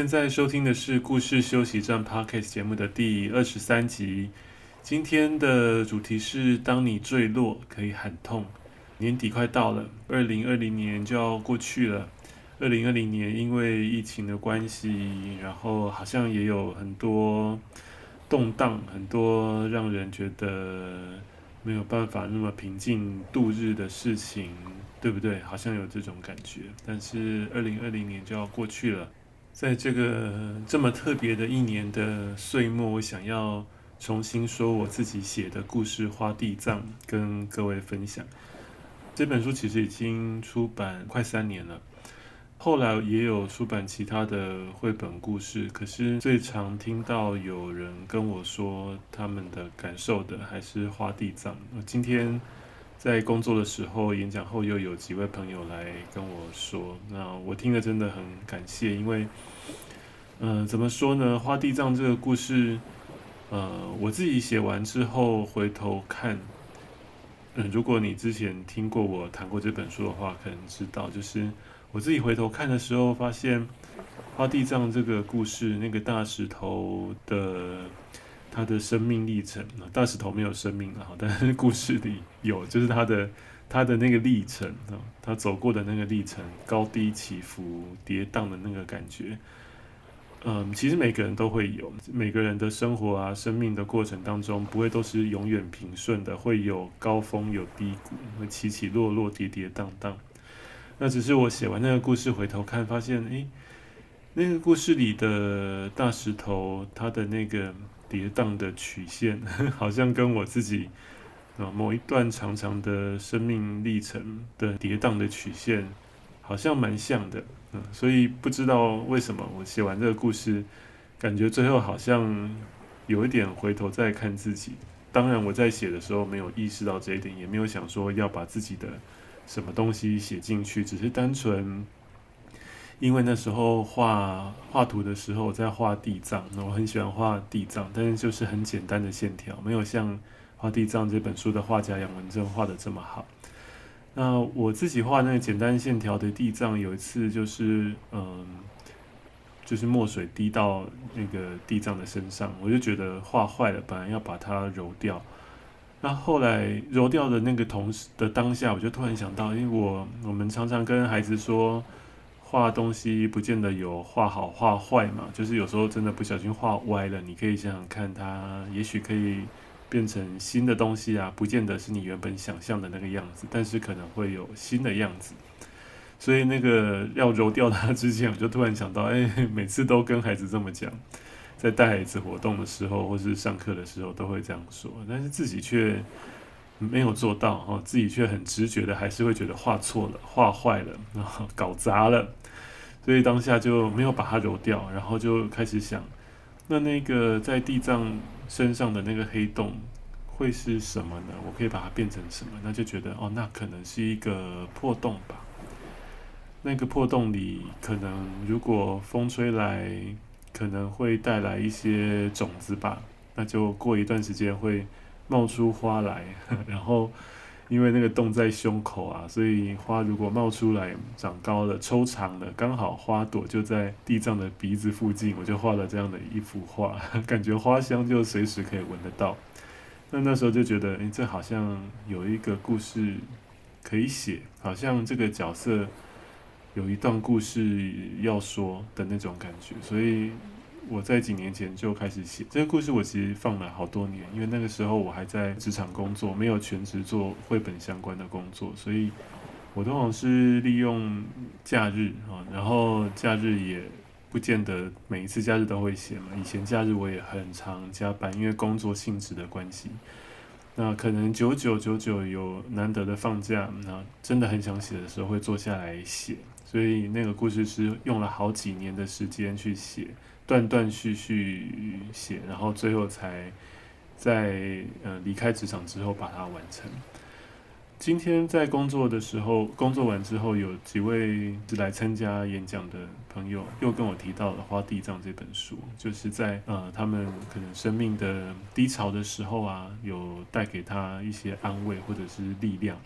現在收聽的是《故事休息站》Podcast 節目的第二十三集。今天的主題是：當你墜落，可以喊痛。年底快到了，二零二零年就要過去了。二零二零年因為疫情的關係，然後好像也有很多動盪，很多讓人覺得沒有辦法那麼平靜度日的事情，對不對？好像有這種感覺。但是二零二零年就要過去了。在這個這麼特別的一年的歲末，我想要重新說我自己寫的故事《花地藏》跟各位分享。這本書其實已經出版快三年了，後來也有出版其他的繪本故事，可是最常聽到有人跟我說他們的感受的還是《花地藏》。我今天在工作的時候，演講後又有幾位朋友來跟我說，那我聽了真的很感謝，因為。嗯、呃，怎麼說呢？花地藏這個故事，呃，我自己寫完之後回頭看，嗯、呃，如果你之前聽過我談過這本書的話，可能知道，就是我自己回頭看的時候，發現花地藏這個故事，那個大石頭的，他的生命歷程啊，大石頭沒有生命啊，但是故事裡有，就是他的，他的那個歷程啊，他走過的那個歷程，高低起伏、跌宕的那個感覺。嗯，其實每個人都會有，每個人的生活啊，生命的過程當中，不會都是永遠平順的，會有高峰，有低谷，會起起落落，跌跌宕宕。那只是我寫完那個故事，回頭看，發現，哎，那個故事裡的大石頭，它的那個跌宕的曲線，好像跟我自己啊、嗯、某一段長長的生命歷程的跌宕的曲線，好像蠻像的。嗯，所以不知道為什麼，我寫完這個故事，感覺最後好像有一點回頭再看自己。當然，我在寫的時候沒有意識到這一點，也沒有想說要把自己的什麼東西寫進去，只是單純因為那時候畫畫圖的時候我在畫地藏，那我很喜歡畫地藏，但是就是很簡單的線條，沒有像花地藏這本書的畫家楊文正畫得這麼好。那我自己畫那個簡單線條的地藏，有一次就是，嗯，就是墨水滴到那個地藏的身上，我就覺得畫壞了，本來要把它揉掉。那後來揉掉的那個同時的當下，我就突然想到，因為我我們常常跟孩子說，畫東西不見得有畫好畫壞嘛，就是有時候真的不小心畫歪了，你可以想想看他，它也許可以。變成新的東西啊，不見得是你原本想象的那個樣子，但是可能會有新的樣子。所以那個要揉掉它之前，我就突然想到，哎，每次都跟孩子這麼講，在帶孩子活動的時候，或是上課的時候都會這樣說，但是自己卻沒有做到哦，自己卻很直覺的還是會覺得畫錯了、畫壞了、然後搞砸了，所以當下就沒有把它揉掉，然後就開始想，那那個在地藏。身上的那個黑洞會是什麼呢？我可以把它變成什麼？那就覺得哦，那可能是一個破洞吧。那個破洞裡，可能如果風吹來，可能會帶來一些種子吧。那就過一段時間會冒出花來，然後。因為那個洞在胸口啊，所以花如果冒出來、長高了、抽長了，剛好花朵就在地藏的鼻子附近，我就畫了這樣的一幅畫，感覺花香就隨時可以聞得到。那那時候就覺得，誒，這好像有一個故事可以寫，好像這個角色有一段故事要說的那種感覺，所以。我在幾年前就開始寫這個故事，我其實放了好多年，因為那個時候我還在職場工作，沒有全職做繪本相關的工作，所以我通常是利用假日啊，然後假日也不見得每一次假日都會寫嘛。以前假日我也很常加班，因為工作性質的關係，那可能久久久久有難得的放假，那真的很想寫的時候會坐下來寫，所以那個故事是用了好幾年的時間去寫。斷斷續續寫，然後最後才在呃離開職場之後把它完成。今天在工作的時候，工作完之後，有幾位是來參加演講的朋友又跟我提到了《花地藏》這本書，就是在呃他們可能生命的低潮的時候啊，有帶給他一些安慰或者是力量。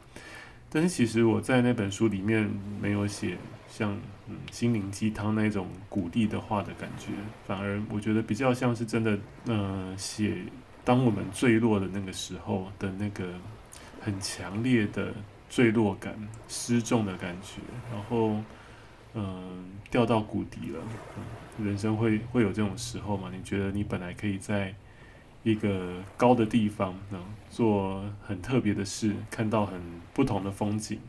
但是其實我在那本書裡面沒有寫。像嗯心靈雞湯那種鼓勵的話的感覺，反而我覺得比較像是真的。嗯、呃，寫當我們墜落的那個時候的那個很強烈的墜落感、失重的感覺，然後嗯、呃、掉到谷底了。嗯、人生會會有這種時候嗎？你覺得你本來可以在一個高的地方，能、呃、做很特別的事，看到很不同的風景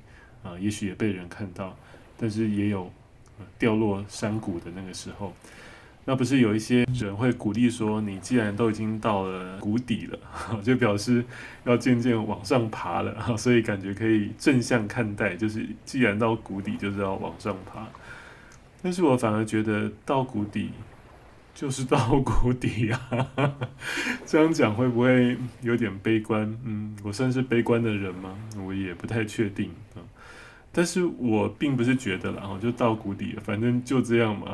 啊、呃，也許也被人看到。但是也有掉落山谷的那個時候，那不是有一些人會鼓勵說，你既然都已經到了谷底了，就表示要漸漸往上爬了，所以感覺可以正向看待，就是既然到谷底，就是要往上爬。但是我反而覺得到谷底就是到谷底啊，這樣講會不會有點悲觀？嗯，我算是悲觀的人嗎？我也不太確定啊。但是我並不是覺得然後就到谷底了，反正就這樣嘛，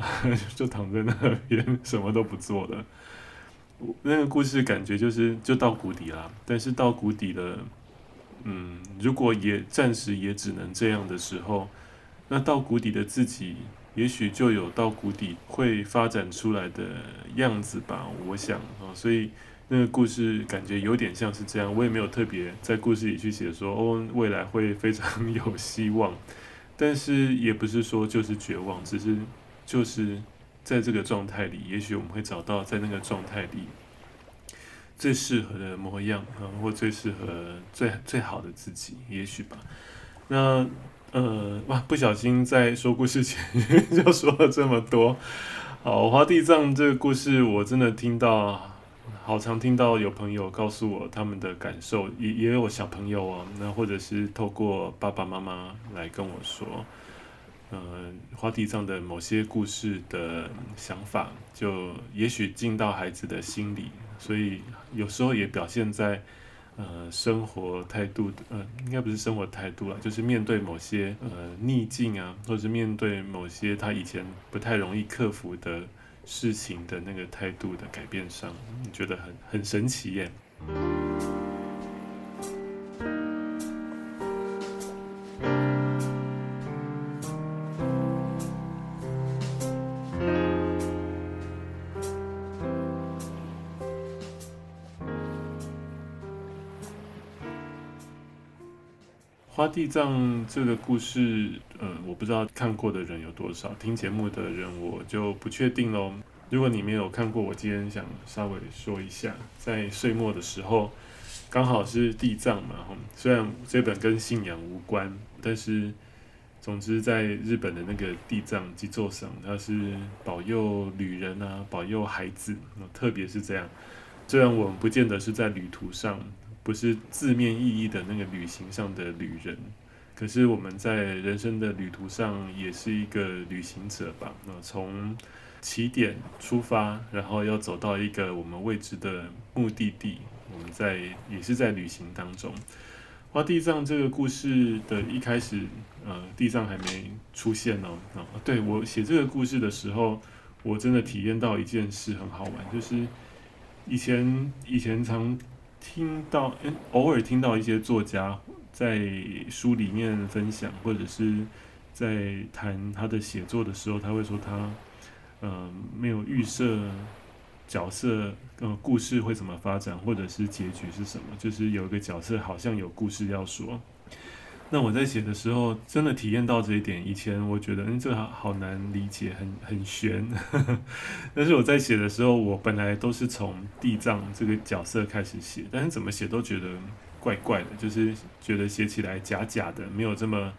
就躺在那邊什麼都不做了。我那個故事感覺就是就到谷底了，但是到谷底了，嗯，如果也暫時也只能這樣的時候，那到谷底的自己，也許就有到谷底會發展出來的樣子吧，我想啊，所以。那個故事感覺有點像是這樣，我也沒有特別在故事裡去寫說，哦，未來會非常有希望，但是也不是說就是絕望，只是就是在這個狀態裡，也許我們會找到在那個狀態裡最適合的模樣啊、嗯，或最適合最最好的自己，也許吧。那呃，哇，不小心在說故事前 就說了這麼多。好，花地藏這個故事我真的聽到。好常聽到有朋友告訴我他們的感受，也也有小朋友哦、啊，那或者是透過爸爸媽媽來跟我說，呃，花地藏的某些故事的想法，就也許進到孩子的心裡，所以有時候也表現在呃生活態度的，呃應該不是生活態度了，就是面對某些呃逆境啊，或者是面對某些他以前不太容易克服的。事情的那個態度的改變上，你覺得很很神奇耶。花地藏這個故事，呃。我不知道看過的人有多少，聽節目的人我就不確定嘍。如果你沒有看過，我今天想稍微說一下，在歲末的時候，剛好是地藏嘛，雖然這本跟信仰無關，但是總之在日本的那個地藏基座上，它是保佑旅人啊，保佑孩子，特別是這樣。雖然我們不見得是在旅途上，不是字面意義的那個旅行上的旅人。可是我們在人生的旅途上也是一個旅行者吧？那、呃、從起點出發，然後要走到一個我們未知的目的地，我們在也是在旅行當中。花地藏這個故事的一開始，呃，地藏還沒出現呢、哦。啊、呃，對，我寫這個故事的時候，我真的體驗到一件事很好玩，就是以前以前常聽到，偶爾聽到一些作家。在書裡面分享，或者是，在談他的寫作的時候，他會說他，嗯、呃、沒有預設角色，呃，故事會怎麼發展，或者是結局是什麼。就是有一個角色，好像有故事要說。那我在寫的時候，真的體驗到這一點。以前我覺得，嗯，這個好難理解，很很玄。 但是我在寫的時候，我本來都是從地藏這個角色開始寫，但是怎麼寫都覺得。怪怪的，就是覺得寫起來假假的，沒有這麼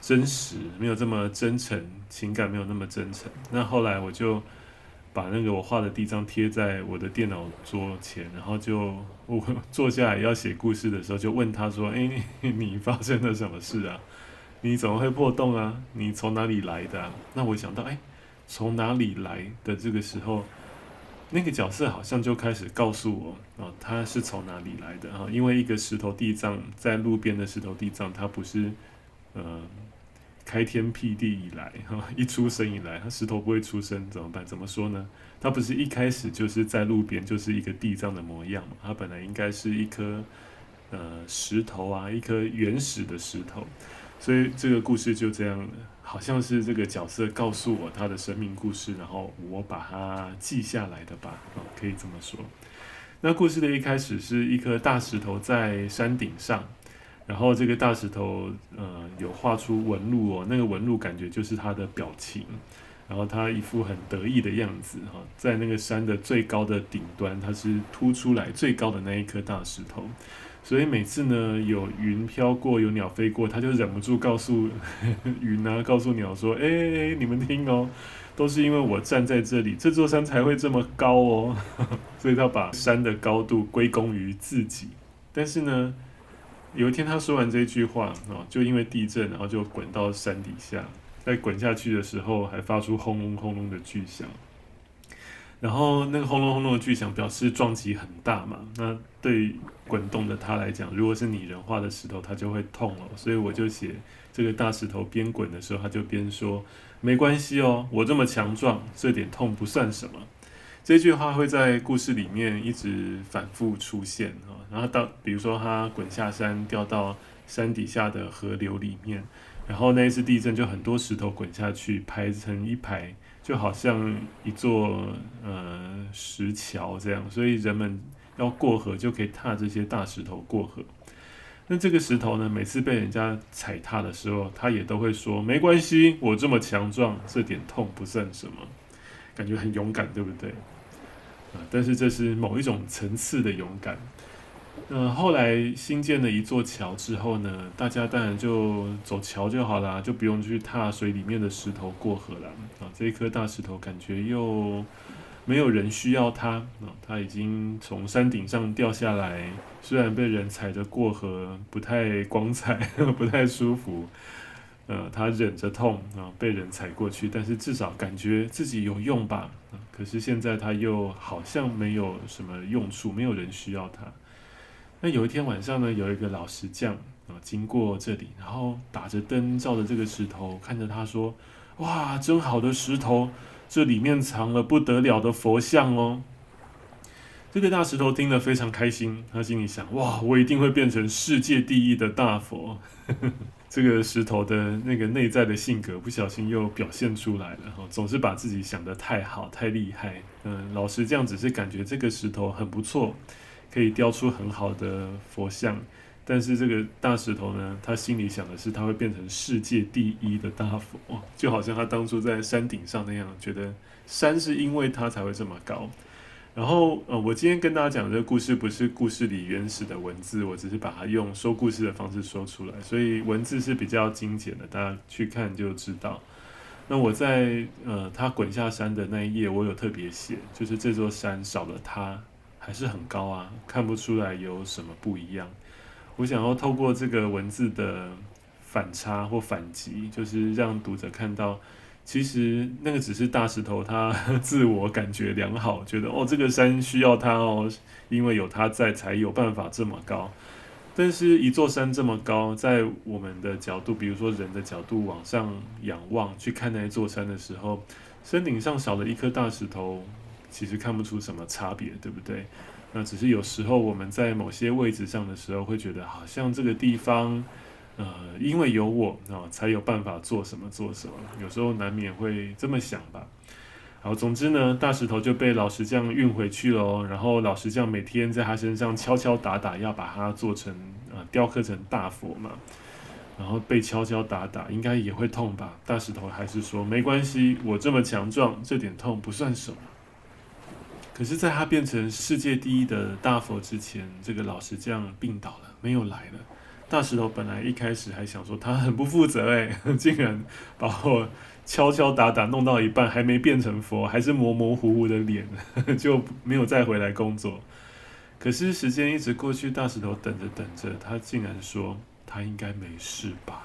真實，沒有這麼真誠，情感沒有那麼真誠。那後來我就把那個我畫的地藏貼在我的電腦桌前，然後就我坐下來要寫故事的時候，就問他說：“誒、哎，你發生了什麼事啊？你怎麼會破洞啊？你從哪裡來的、啊？”那我想到，誒、哎，從哪裡來的這個時候。那個角色好像就開始告訴我啊，他、哦、是從哪裡來的啊、哦？因為一個石頭地藏，在路邊的石頭地藏，他不是呃開天闢地以來哈、哦，一出生以來，他石頭不會出生怎麼辦？怎麼說呢？他不是一開始就是在路邊，就是一個地藏的模樣，他本來應該是一顆呃石頭啊，一顆原始的石頭，所以這個故事就這樣了。好像是這個角色告訴我他的生命故事，然後我把它記下來的吧，哦，可以這麼說。那故事的一開始是一顆大石頭在山頂上，然後這個大石頭呃有畫出紋路哦，那個紋路感覺就是他的表情，然後他一副很得意的樣子哈，哦，在那個山的最高的頂端，它是凸出來最高的那一顆大石頭。所以每次呢，有雲飄過，有鳥飛過，他就忍不住告訴呵呵雲啊，告訴鳥說：“哎、欸、哎、欸，你們聽哦，都是因為我站在這裡，這座山才會這麼高哦。 ”所以他把山的高度歸功於自己。但是呢，有一天他說完這句話啊、哦，就因為地震，然後就滾到山底下，在滾下去的時候，還發出轟隆轟隆隆的巨響。然後那個轟隆轟隆的巨響表示撞擊很大嘛？那對。滾動的它來講，如果是擬人化的石頭，它就會痛了。所以我就寫這個大石頭邊滾的時候，他就邊說：“沒關係哦，我這麼強壯，這點痛不算什麼。”這句話會在故事裡面一直反覆出現啊、哦。然後當比如說他滾下山，掉到山底下的河流裡面，然後那一次地震就很多石頭滾下去，排成一排，就好像一座呃石橋這樣。所以人們。要過河就可以踏這些大石頭過河，那這個石頭呢，每次被人家踩踏的時候，他也都會說沒關係，我這麼強壯，這點痛不算什麼，感覺很勇敢，對不對？啊，但是這是某一種層次的勇敢。那、呃、後來新建了一座橋之後呢，大家當然就走橋就好了，就不用去踏水裡面的石頭過河了。啊，這一顆大石頭感覺又。沒有人需要他。啊、呃，他已經從山頂上掉下來，雖然被人踩着過河，不太光彩，不太舒服，呃，他忍着痛啊、呃，被人踩過去，但是至少感覺自己有用吧、呃，可是現在他又好像沒有什麼用處，沒有人需要他。那有一天晚上呢，有一個老石匠啊、呃、經過這裡，然後打着燈照着這個石頭，看着他說：“哇，真好的石頭。”這裡面藏了不得了的佛像哦！這個大石頭聽得非常開心，他心裡想：哇，我一定會變成世界第一的大佛！ 這個石頭的那個內在的性格，不小心又表現出來了，總是把自己想得太好、太厲害。嗯，老師這樣子是感覺這個石頭很不錯，可以雕出很好的佛像。但是這個大石頭呢，他心裡想的是，他會變成世界第一的大佛，就好像他當初在山頂上那樣，覺得山是因為他才會這麼高。然後，呃，我今天跟大家講這個故事，不是故事裡原始的文字，我只是把它用說故事的方式說出來，所以文字是比較精簡的，大家去看就知道。那我在呃，他滾下山的那一頁，我有特別寫，就是這座山少了他還是很高啊，看不出來有什麼不一樣。我想要透過這個文字的反差或反擊，就是讓讀者看到，其實那個只是大石頭，它自我感覺良好，覺得哦，這個山需要它哦，因為有它在才有辦法這麼高。但是，一座山這麼高，在我們的角度，比如說人的角度往上仰望去看那一座山的時候，山頂上少了一顆大石頭，其實看不出什麼差別，對不對？那、呃、只是有時候我們在某些位置上的時候，會覺得好像這個地方，呃，因為有我啊、呃，才有辦法做什麼做什麼。有時候難免會這麼想吧。好，總之呢，大石頭就被老石匠運回去了。然後老石匠每天在他身上敲敲打打，要把它做成呃雕刻成大佛嘛。然後被敲敲打打，應該也會痛吧？大石頭還是說沒關係，我這麼強壯，這點痛不算什麼。可是，在他變成世界第一的大佛之前，這個老石匠病倒了，沒有來了。大石頭本來一開始還想說他很不負責、欸，竟然把我敲敲打打弄到一半，還沒變成佛，還是模模糊糊的臉，就沒有再回來工作。可是時間一直過去，大石頭等着等着，他竟然說他應該沒事吧？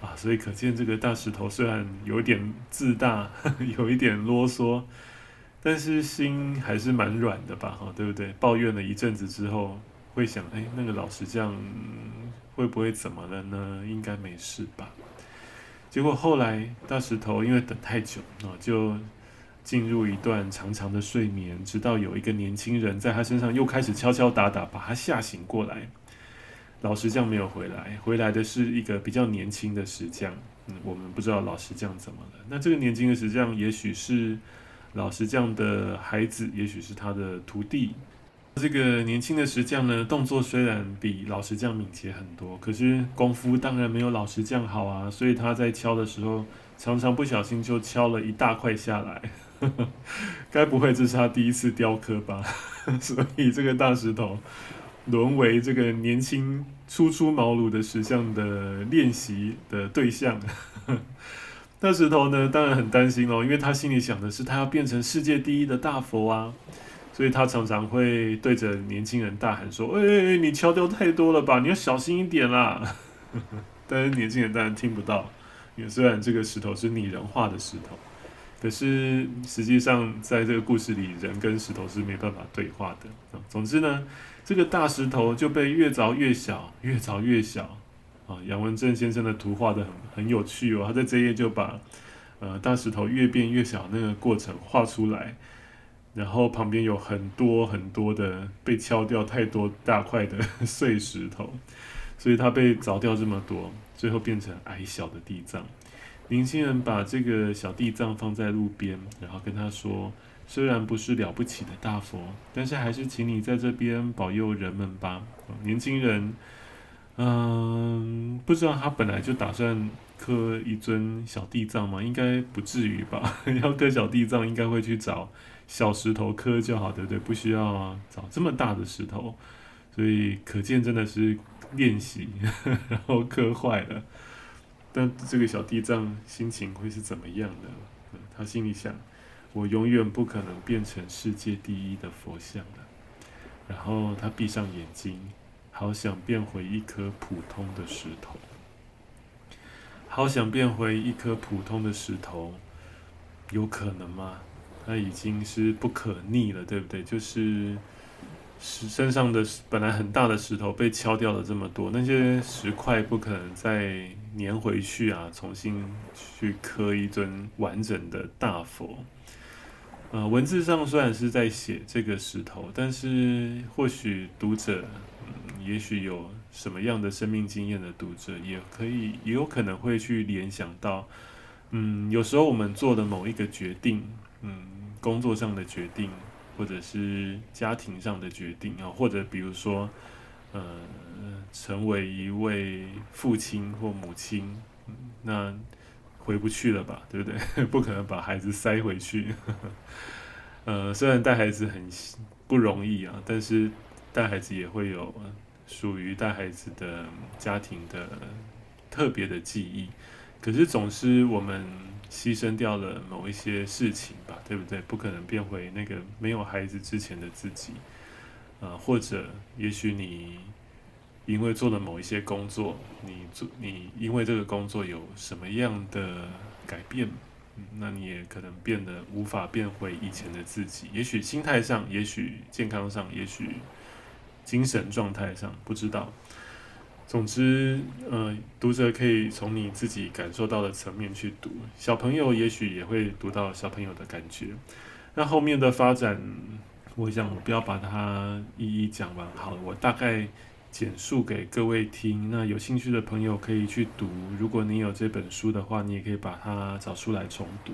啊，所以可見這個大石頭雖然有點自大，有一點囉嗦。但是心還是蠻軟的吧，哈，對不對？抱怨了一陣子之後，會想，哎，那個老石匠會不會怎麼了呢？應該沒事吧。結果後來大石頭因為等太久，啊，就進入一段長長的睡眠，直到有一個年輕人在他身上又開始敲敲打打，把他嚇醒過來。老石匠沒有回來，回來的是一個比較年輕的石匠。嗯，我們不知道老石匠怎麼了。那這個年輕的石匠，也許是，老石匠的孩子，也許是他的徒弟。這個年輕的石匠呢，動作雖然比老石匠敏捷很多，可是功夫當然沒有老石匠好啊。所以他在敲的時候，常常不小心就敲了一大塊下來。該 不會這是他第一次雕刻吧？ 所以這個大石頭淪為這個年輕初出茅廬的石匠的練習的對象。 大石頭呢，當然很擔心哦，因為他心裡想的是他要變成世界第一的大佛啊，所以他常常會對着年輕人大喊說：“哎、欸欸欸，你敲掉太多了吧，你要小心一點啦。 ”但是年輕人當然聽不到，因為雖然這個石頭是擬人化的石頭，可是實際上在這個故事裡，人跟石頭是沒辦法對話的啊。總之呢，這個大石頭就被越鑿越小，越鑿越小啊。楊文正先生的圖畫得很。很有趣哦，他在這頁就把，呃，大石頭越變越小的那個過程畫出來，然後旁邊有很多很多的被敲掉太多大塊的碎石頭，所以他被鑿掉這麼多，最後變成矮小的地藏。年輕人把這個小地藏放在路邊，然後跟他說：“雖然不是了不起的大佛，但是還是請你在這邊保佑人們吧。”年輕人。嗯，不知道他本來就打算刻一尊小地藏嗎？應該不至於吧。要刻小地藏，應該會去找小石頭刻就好，對不對？不需要找這麼大的石頭。所以可見真的是練習，呵呵，然後刻壞了。但這個小地藏心情會是怎麼樣的？嗯，他心裡想：我永遠不可能變成世界第一的佛像的。然後他閉上眼睛。好想變回一顆普通的石頭，好想變回一顆普通的石頭，有可能嗎？它已經是不可逆了，對不對？就是石身上的本來很大的石頭被敲掉了這麼多，那些石塊不可能再粘回去啊！重新去刻一尊完整的大佛。呃，文字上雖然是在寫這個石頭，但是或許讀者。也許有什麼樣的生命經驗的讀者，也可以也有可能會去聯想到，嗯，有時候我們做的某一個決定，嗯，工作上的決定，或者是家庭上的決定啊，哦，或者比如說，呃，成為一位父親或母親，嗯，那回不去了吧，對不對？不可能把孩子塞回去。呵呵。呃，雖然帶孩子很不容易啊，但是帶孩子也會有。屬於帶孩子的家庭的特別的記憶，可是總是我們犧牲掉了某一些事情吧，對不對？不可能變回那個沒有孩子之前的自己，啊、呃。或者也許你因為做了某一些工作，你做你因為這個工作有什麼樣的改變，那你也可能變得無法變回以前的自己。也許心態上，也許健康上，也許。精神狀態上不知道，總之，呃，讀者可以從你自己感受到的層面去讀，小朋友也許也會讀到小朋友的感覺。那後面的發展，我想我不要把它一一講完，好了，我大概簡述給各位聽。那有興趣的朋友可以去讀，如果你有這本書的話，你也可以把它找出來重讀。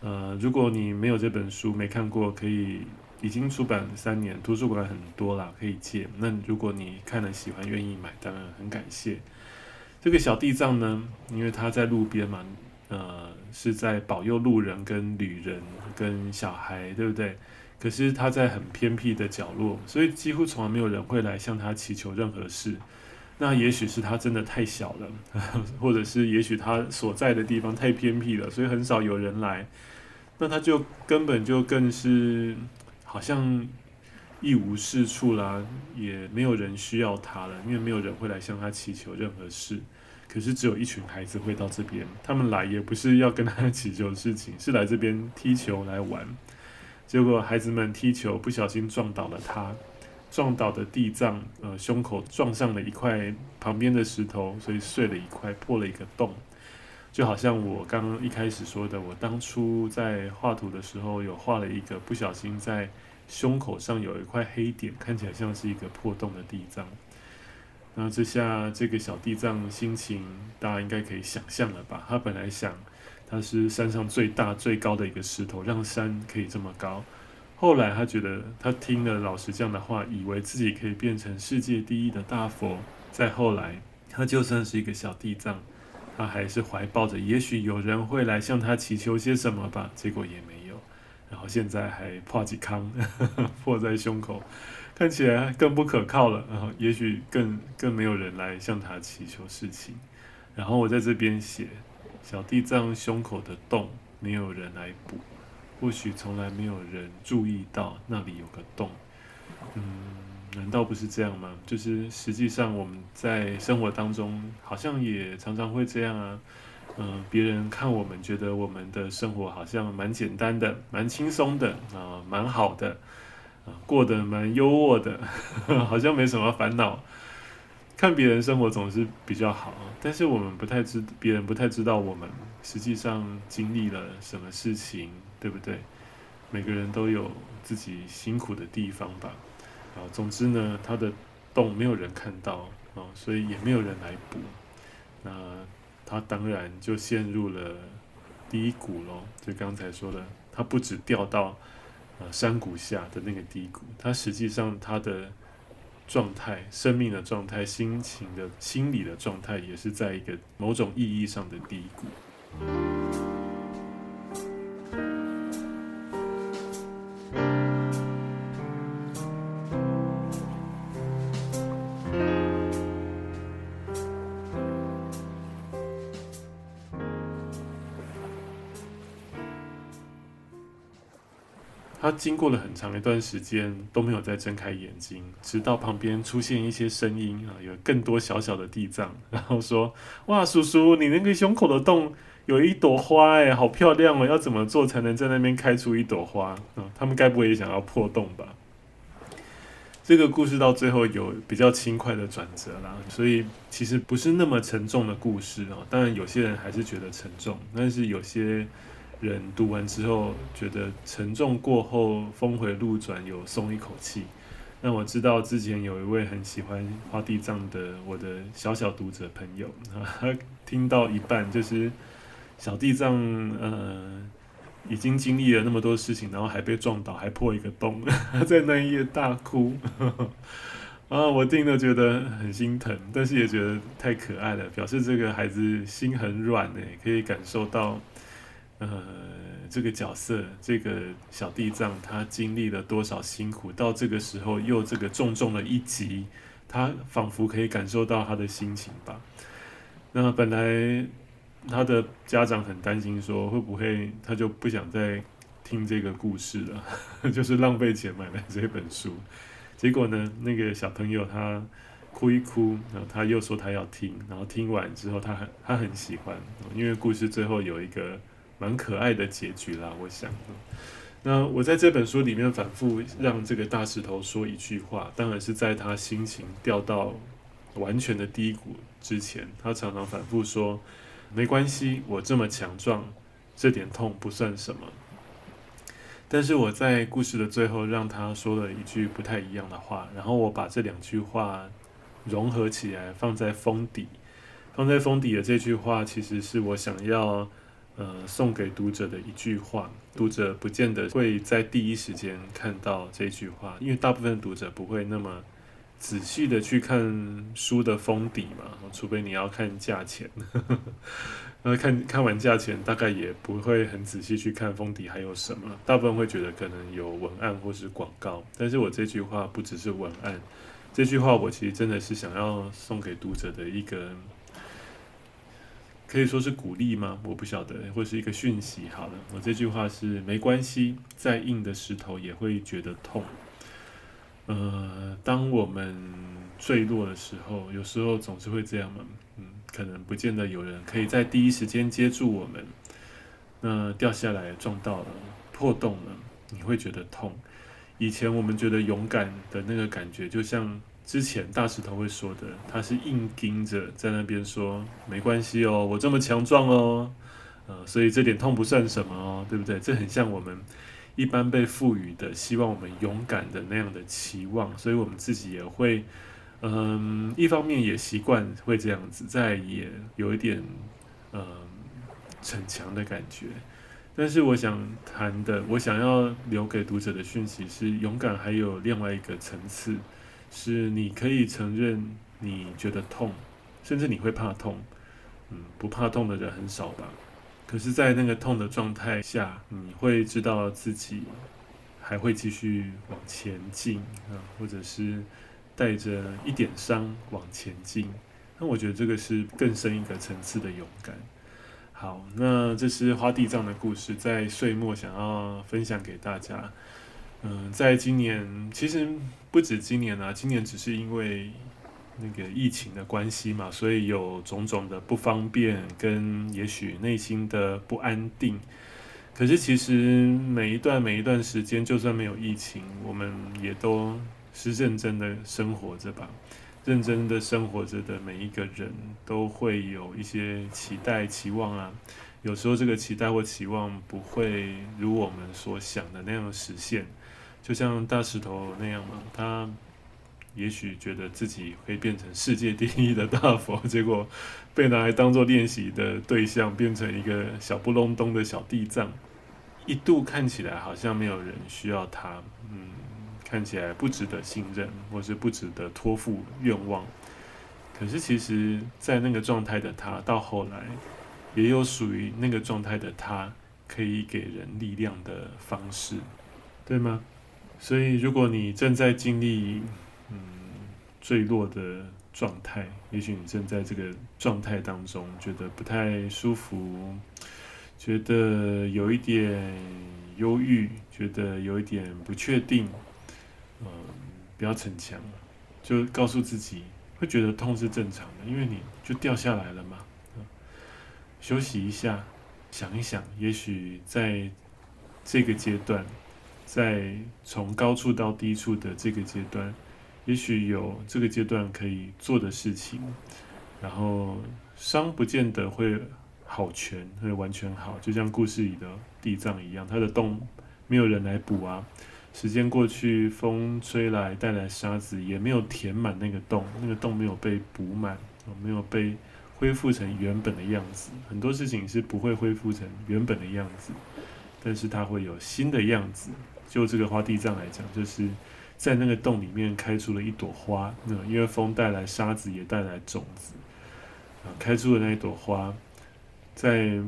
呃，如果你沒有這本書，沒看過，可以。已經出版三年，圖書館很多啦，可以借。那如果你看了喜歡，願意買，當然很感謝。這個小地藏呢，因為他在路邊嘛，呃，是在保佑路人、跟旅人、跟小孩，對不對？可是他在很偏僻的角落，所以幾乎從來沒有人會來向他祈求任何事。那也許是他真的太小了，呵呵，或者是也許他所在的地方太偏僻了，所以很少有人來。那他就根本就更是。好像一無是處啦，也沒有人需要他了，因為沒有人會來向他祈求任何事。可是只有一群孩子會到這邊，他們來也不是要跟他祈求事情，是來這邊踢球來玩。結果孩子們踢球不小心撞倒了他，撞倒的地藏，呃，胸口撞上了一塊旁邊的石頭，所以碎了一塊，破了一個洞。就好像我剛剛一開始說的，我當初在畫圖的時候，有畫了一個不小心在胸口上有一塊黑點，看起來像是一個破洞的地藏。然後這下這個小地藏心情，大家應該可以想象了吧？他本來想他是山上最大最高的一個石頭，讓山可以這麼高。後來他覺得他聽了老師這樣的話，以為自己可以變成世界第一的大佛。再後來，他就算是一個小地藏。他還是懷抱着，也許有人會來向他祈求些什麼吧，結果也沒有。然後現在還破幾坑，破在胸口，看起來更不可靠了。然後也許更更沒有人來向他祈求事情。然後我在這邊寫，小地藏胸口的洞沒有人來補，或許從來沒有人注意到那裡有個洞。嗯。難道不是這樣嗎？就是實際上我們在生活當中，好像也常常會這樣啊。嗯、呃，別人看我們覺得我們的生活好像蠻簡單的、蠻輕鬆的啊、呃，蠻好的啊、呃，過得蠻優渥的呵呵，好像沒什麼煩惱。看別人生活總是比較好，但是我們不太知，別人不太知道我們實際上經歷了什麼事情，對不對？每個人都有自己辛苦的地方吧。啊，總之呢，他的洞沒有人看到啊、哦，所以也沒有人來補，那他當然就陷入了低谷嘍。就剛才說的，他不只掉到、呃、山谷下的那個低谷，他實際上他的狀態、生命的狀態、心情的心理的狀態，也是在一個某種意義上的低谷。經過了很長一段時間都沒有再睜開眼睛，直到旁邊出現一些聲音啊，有更多小小的地藏，然後說：“哇，叔叔，你那個胸口的洞有一朵花誒，好漂亮哦！要怎麼做才能在那邊開出一朵花？嗯，他們該不會也想要破洞吧？這個故事到最後有比較輕快的轉折啦，所以其實不是那麼沉重的故事啊。當然，有些人還是覺得沉重，但是有些……人讀完之後，覺得沉重過後峰回路轉，有鬆一口氣。那我知道之前有一位很喜歡花地藏的我的小小讀者朋友，他、啊、聽到一半就是小地藏，呃，已經經歷了那麼多事情，然後還被撞倒，還破一個洞，呵呵在那一頁大哭呵呵。啊，我聽了覺得很心疼，但是也覺得太可愛了，表示這個孩子心很軟誒、欸，可以感受到。呃、嗯，這個角色，這個小地藏，他經歷了多少辛苦，到這個時候又這個重重的一擊，他仿佛可以感受到他的心情吧。那本來他的家長很擔心，說會不會他就不想再聽這個故事了，就是浪費錢買了這本書。結果呢，那個小朋友他哭一哭，然後他又說他要聽，然後聽完之後他他很喜歡，因為故事最後有一個。蠻可愛的結局啦，我想。那我在這本書裡面反覆讓這個大石頭說一句話，當然是在他心情掉到完全的低谷之前，他常常反覆說：“沒關係，我這麼強壯，這點痛不算什麼。”但是我在故事的最後讓他說了一句不太一樣的話，然後我把這兩句話融合起來，放在封底。放在封底的這句話，其實是我想要。呃，送給讀者的一句話，讀者不見得會在第一時間看到這句話，因為大部分讀者不會那麼仔細的去看書的封底嘛，除非你要看價錢，那看看完價錢，大概也不會很仔細去看封底還有什麼，大部分會覺得可能有文案或是廣告，但是我這句話不只是文案，這句話我其實真的是想要送給讀者的一個。可以說是鼓勵嗎？我不曉得，或是一個訊息。好了，我這句話是沒關係，再硬的石頭也會覺得痛。呃，當我們墜落的時候，有時候總是會這樣嘛。嗯，可能不見得有人可以在第一時間接住我們。那掉下來撞到了破洞了，你會覺得痛。以前我們覺得勇敢的那個感覺，就像之前大石頭會說的，他是硬撐著在那邊說，沒關係哦，我這麼強壯哦，呃，所以這點痛不算什麼哦，對不對？這很像我們一般被賦予的希望，我們勇敢的那樣的期望，所以我們自己也會，嗯，一方面也習慣會這樣子，再也有一點嗯，逞強的感覺。但是我想談的，我想要留給讀者的訊息是：勇敢還有另外一個層次，是你可以承認你覺得痛，甚至你會怕痛。嗯，不怕痛的人很少吧？可是，在那個痛的狀態下，你會知道自己還會繼續往前進啊，或者是帶着一點傷往前進。那，啊，我覺得這個是更深一個層次的勇敢。好，那這是花地藏的故事，在歲末想要分享給大家。嗯，在今年其實不止今年啊，今年只是因為那個疫情的關係嘛，所以有種種的不方便跟也許內心的不安定。可是其實每一段每一段時間，就算沒有疫情，我們也都是認真的生活着吧。認真的生活着的每一個人都會有一些期待、期望啊，有時候這個期待或期望不會如我們所想的那樣實現，就像大石頭那樣嘛、啊，他也許覺得自己會變成世界第一的大佛，結果被拿來當做練習的對象，變成一個小不隆冬的小地藏，一度看起來好像沒有人需要他，嗯。看起來不值得信任，或是不值得託付願望。可是其實，在那個狀態的他，到後來也有屬於那個狀態的他，可以給人力量的方式，對嗎？所以，如果你正在經歷，嗯，墜落的狀態，也許你正在這個狀態當中，覺得不太舒服，覺得有一點憂鬱，覺得有一點不確定。嗯，不要逞強，就告訴自己，會覺得痛是正常的，因為你就掉下來了嘛，嗯。休息一下，想一想，也許在這個階段，在從高處到低處的這個階段，也許有這個階段可以做的事情。然後傷不見得會好全，會完全好，就像故事裡的地藏一樣，他的洞沒有人來補啊。時間過去，風吹來，帶來沙子，也沒有填滿那個洞，那個洞沒有被補滿，啊，沒有被恢復成原本的樣子。很多事情是不會恢復成原本的樣子，但是它會有新的樣子。就這個花地藏來講，就是在那個洞裡面開出了一朵花。那，嗯，因為風帶來沙子，也帶來種子，啊，開出的那一朵花，在。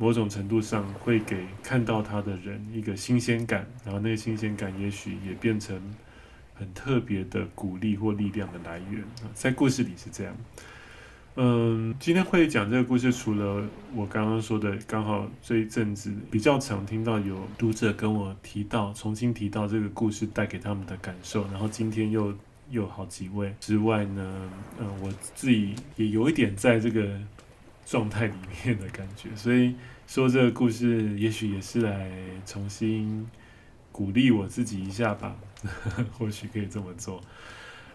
某種程度上會給看到他的人一個新鮮感，然後那個新鮮感也許也變成很特別的鼓勵或力量的來源，在故事裡是這樣。嗯，今天會講這個故事，除了我剛剛說的，剛好這一陣子比較常聽到有讀者跟我提到，重新提到這個故事帶給他們的感受，然後今天又，又有好幾位之外呢，嗯，我自己也有一點在這個狀態裡面的感覺，所以。說這個故事，也許也是來重新鼓勵我自己一下吧呵呵。或許可以這麼做。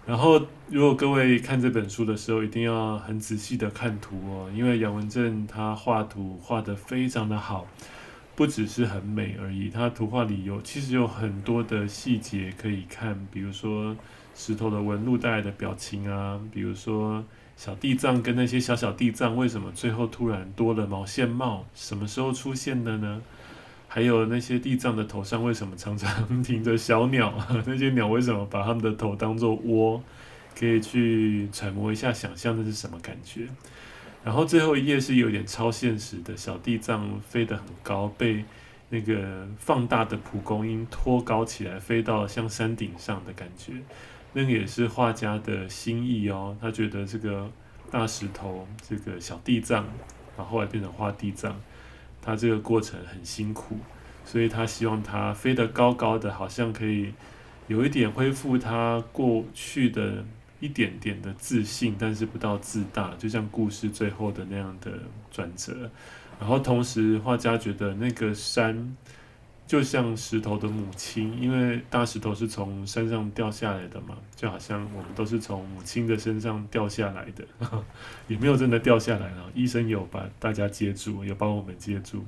然後，如果各位看這本書的時候，一定要很仔細的看圖哦，因為楊文正他畫圖畫得非常的好，不只是很美而已。他圖畫裡有其實有很多的細節可以看，比如說石頭的紋路帶來的表情啊，比如說。小地藏跟那些小小地藏為什麼最後突然多了毛線帽？什麼時候出現的呢？還有那些地藏的頭上為什麼常常停着小鳥？那些鳥為什麼把他們的頭當做窩？可以去揣摩一下，想象那是什麼感覺。然後最後一頁是有點超現實的，小地藏飛得很高，被那個放大的蒲公英托高起來，飛到像山頂上的感覺。那個也是畫家的心意哦，他覺得這個大石頭，這個小地藏，然後，後來變成花地藏，他這個過程很辛苦，所以他希望他飛得高高的，好像可以有一點恢復他過去的一點點的自信，但是不到自大，就像故事最後的那樣的轉折。然後同時畫家覺得那個山。就像石頭的母親，因為大石頭是從山上掉下來的嘛，就好像我們都是從母親的身上掉下來的呵呵，也沒有真的掉下來啊。醫生有把大家接住，有幫我們接住。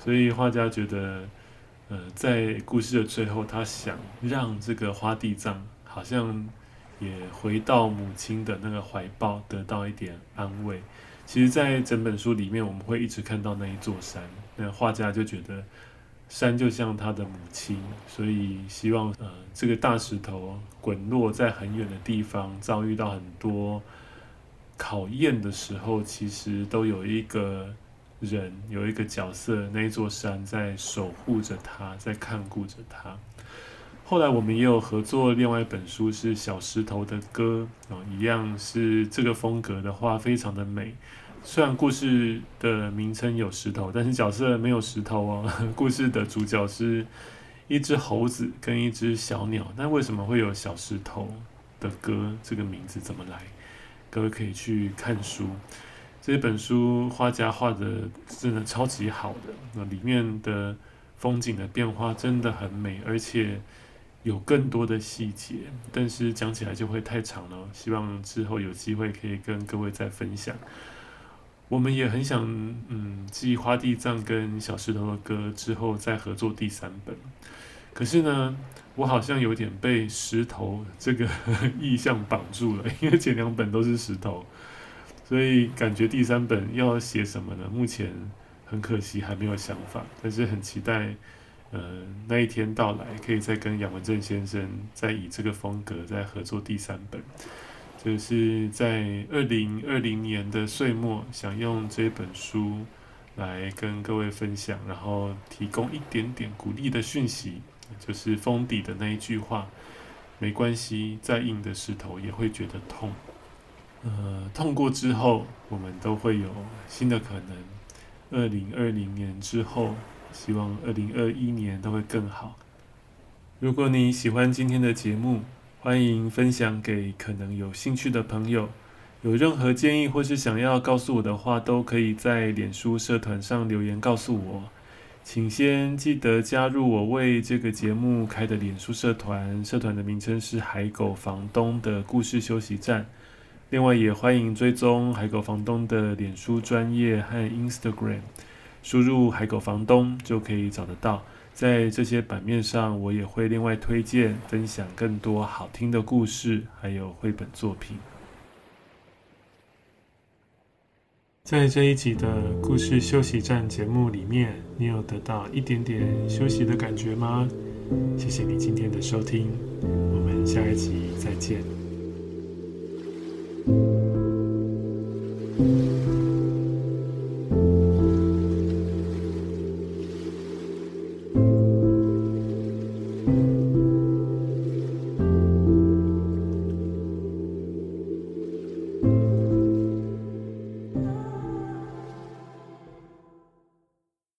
所以畫家覺得，呃，在故事的最後，他想讓這個花地藏好像也回到母親的那個懷抱，得到一點安慰。其實，在整本書裡面，我們會一直看到那一座山，那畫家就覺得。山就像他的母親，所以希望呃，這個大石頭滾落在很遠的地方，遭遇到很多考驗的時候，其實都有一個人，有一個角色，那一座山在守護着他，在看顧着他。後來我們也有合作，另外一本書是《小石頭的歌》啊、哦，一樣是這個風格的畫，非常的美。雖然故事的名稱有石頭，但是角色沒有石頭哦。故事的主角是一隻猴子跟一隻小鳥，那為什麼會有《小石頭的歌》這個名字怎麼來？各位可以去看書，這本書畫家畫的真的超級好的，那裡面的風景的變化真的很美，而且有更多的細節，但是講起來就會太長了。希望之後有機會可以跟各位再分享。我們也很想，嗯，繼《花地藏》跟《小石頭》的歌之後，再合作第三本。可是呢，我好像有點被“石頭”這個意象綁住了，因為前兩本都是石頭，所以感覺第三本要寫什麼呢？目前很可惜還沒有想法，但是很期待，呃，那一天到來，可以再跟楊文正先生再以這個風格再合作第三本。就是在二零二零年的歲末，想用這本書來跟各位分享，然後提供一點點鼓勵的訊息，就是封底的那一句話，沒關係，再硬的石頭也會覺得痛。呃，痛過之後，我們都會有新的可能。二零二零年之後，希望二零二一年都會更好。如果你喜歡今天的節目，歡迎分享給可能有興趣的朋友。有任何建議或是想要告訴我的話，都可以在臉書社團上留言告訴我。請先記得加入我為這個節目開的臉書社團，社團的名稱是“海狗房東的故事休息站”。另外，也歡迎追蹤海狗房東的臉書專頁和 Instagram，輸入“海狗房東”就可以找得到。在這些版面上，我也會另外推薦分享更多好聽的故事，還有繪本作品。在這一集的故事休息站節目裡面，你有得到一點點休息的感覺嗎？謝謝你今天的收聽，我們下一集再見。